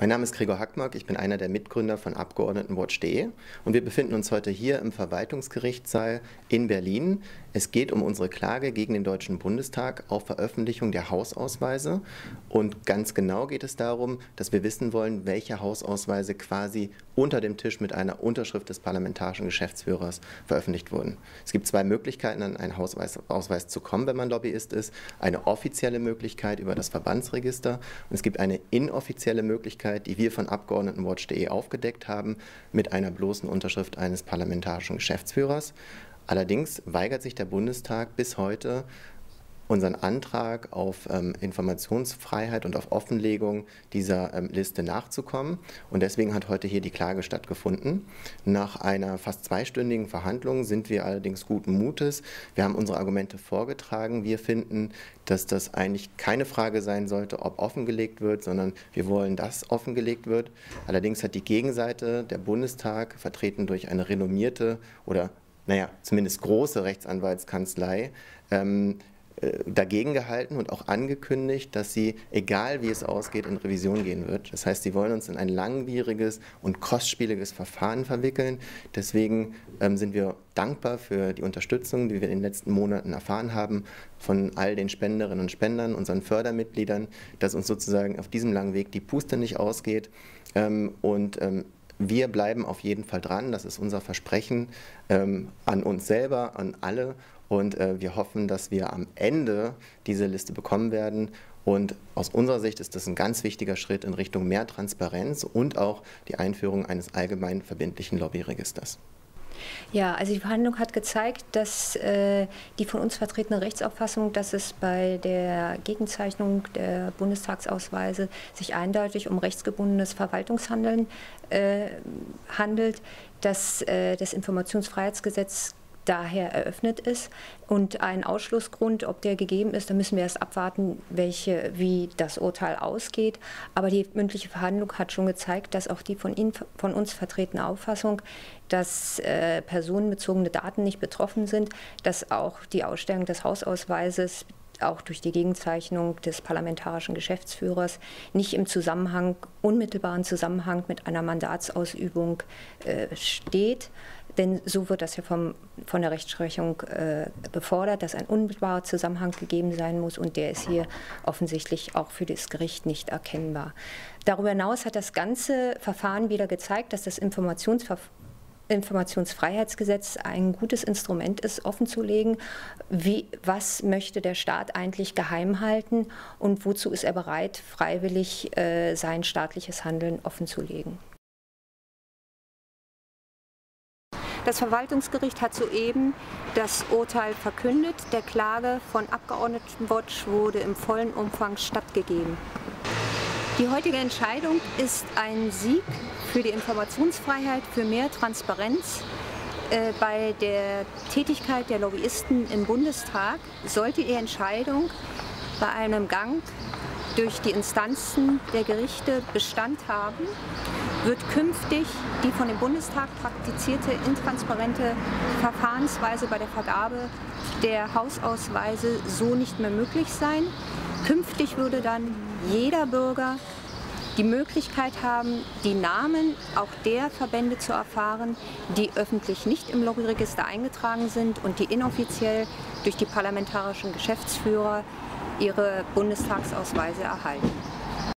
Mein Name ist Gregor Hackmark, ich bin einer der Mitgründer von Abgeordnetenwatch.de und wir befinden uns heute hier im Verwaltungsgerichtssaal in Berlin es geht um unsere Klage gegen den Deutschen Bundestag auf Veröffentlichung der Hausausweise. Und ganz genau geht es darum, dass wir wissen wollen, welche Hausausweise quasi unter dem Tisch mit einer Unterschrift des parlamentarischen Geschäftsführers veröffentlicht wurden. Es gibt zwei Möglichkeiten, an einen Hausausweis zu kommen, wenn man Lobbyist ist. Eine offizielle Möglichkeit über das Verbandsregister und es gibt eine inoffizielle Möglichkeit, die wir von Abgeordnetenwatch.de aufgedeckt haben, mit einer bloßen Unterschrift eines parlamentarischen Geschäftsführers. Allerdings weigert sich der Bundestag bis heute, unseren Antrag auf ähm, Informationsfreiheit und auf Offenlegung dieser ähm, Liste nachzukommen. Und deswegen hat heute hier die Klage stattgefunden. Nach einer fast zweistündigen Verhandlung sind wir allerdings guten Mutes. Wir haben unsere Argumente vorgetragen. Wir finden, dass das eigentlich keine Frage sein sollte, ob offengelegt wird, sondern wir wollen, dass offengelegt wird. Allerdings hat die Gegenseite, der Bundestag, vertreten durch eine renommierte oder naja, zumindest große Rechtsanwaltskanzlei ähm, äh, dagegen gehalten und auch angekündigt, dass sie, egal wie es ausgeht, in Revision gehen wird. Das heißt, sie wollen uns in ein langwieriges und kostspieliges Verfahren verwickeln. Deswegen ähm, sind wir dankbar für die Unterstützung, die wir in den letzten Monaten erfahren haben von all den Spenderinnen und Spendern, unseren Fördermitgliedern, dass uns sozusagen auf diesem langen Weg die Puste nicht ausgeht. Ähm, und ähm, wir bleiben auf jeden Fall dran. Das ist unser Versprechen ähm, an uns selber, an alle. Und äh, wir hoffen, dass wir am Ende diese Liste bekommen werden. Und aus unserer Sicht ist das ein ganz wichtiger Schritt in Richtung mehr Transparenz und auch die Einführung eines allgemein verbindlichen Lobbyregisters. Ja, also die Verhandlung hat gezeigt, dass äh, die von uns vertretene Rechtsauffassung, dass es bei der Gegenzeichnung der Bundestagsausweise sich eindeutig um rechtsgebundenes Verwaltungshandeln äh, handelt, dass äh, das Informationsfreiheitsgesetz daher eröffnet ist. Und ein Ausschlussgrund, ob der gegeben ist, da müssen wir erst abwarten, welche, wie das Urteil ausgeht. Aber die mündliche Verhandlung hat schon gezeigt, dass auch die von, Ihnen, von uns vertretene Auffassung, dass äh, personenbezogene Daten nicht betroffen sind, dass auch die Ausstellung des Hausausweises auch durch die Gegenzeichnung des parlamentarischen Geschäftsführers nicht im Zusammenhang, unmittelbaren Zusammenhang mit einer Mandatsausübung äh, steht. Denn so wird das ja vom, von der Rechtsprechung äh, befordert, dass ein unmittelbarer Zusammenhang gegeben sein muss und der ist hier offensichtlich auch für das Gericht nicht erkennbar. Darüber hinaus hat das ganze Verfahren wieder gezeigt, dass das Informationsverfahren Informationsfreiheitsgesetz ein gutes Instrument ist, offenzulegen, wie, was möchte der Staat eigentlich geheim halten und wozu ist er bereit, freiwillig äh, sein staatliches Handeln offenzulegen. Das Verwaltungsgericht hat soeben das Urteil verkündet. Der Klage von Abgeordnetenwatch wurde im vollen Umfang stattgegeben. Die heutige Entscheidung ist ein Sieg für die Informationsfreiheit, für mehr Transparenz. Äh, bei der Tätigkeit der Lobbyisten im Bundestag sollte die Entscheidung bei einem Gang durch die Instanzen der Gerichte Bestand haben wird künftig die von dem Bundestag praktizierte intransparente Verfahrensweise bei der Vergabe der Hausausweise so nicht mehr möglich sein. Künftig würde dann jeder Bürger die Möglichkeit haben, die Namen auch der Verbände zu erfahren, die öffentlich nicht im Lobbyregister eingetragen sind und die inoffiziell durch die parlamentarischen Geschäftsführer ihre Bundestagsausweise erhalten.